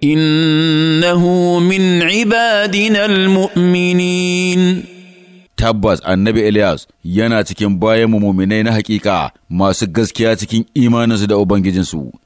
innahu min ibadina almu'minin tabbas annabi Ilyas yana cikin bayan muminai na hakika masu gaskiya cikin imaninsu da Ubangijinsu.